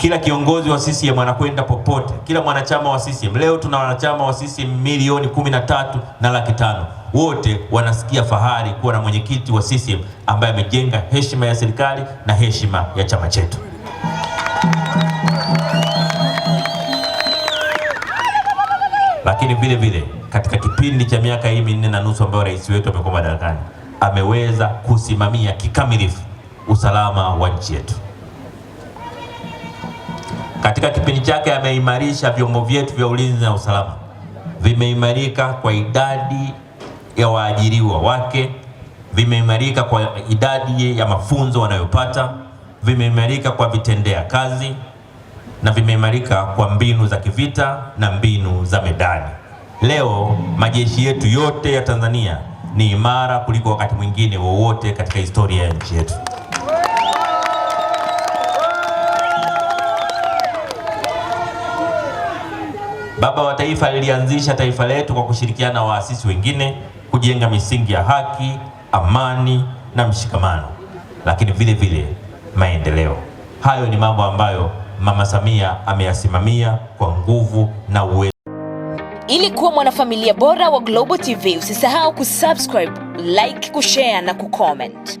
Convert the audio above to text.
Kila kiongozi wa CCM anakwenda popote, kila mwanachama wa CCM. Leo tuna wanachama wa CCM milioni kumi na tatu na laki tano. Wote wanasikia fahari kuwa na mwenyekiti wa CCM ambaye amejenga heshima ya serikali na heshima ya chama chetu. Lakini vile vile katika kipindi cha miaka hii minne na nusu ambayo rais wetu amekuwa madarakani, ameweza kusimamia kikamilifu usalama wa nchi yetu. Katika kipindi chake ameimarisha vyombo vyetu vya ulinzi na usalama, vimeimarika kwa idadi ya waajiriwa wake, vimeimarika kwa idadi ya mafunzo wanayopata, vimeimarika kwa vitendea kazi na vimeimarika kwa mbinu za kivita na mbinu za medani. Leo majeshi yetu yote ya Tanzania ni imara kuliko wakati mwingine wowote katika historia ya nchi yetu. Baba wa Taifa alianzisha taifa letu kwa kushirikiana na waasisi wengine kujenga misingi ya haki, amani na mshikamano, lakini vile vile maendeleo. Hayo ni mambo ambayo Mama Samia ameyasimamia kwa nguvu na uwezo. Ili kuwa mwanafamilia bora wa Global TV, usisahau kusubscribe, like, kushare na kucomment.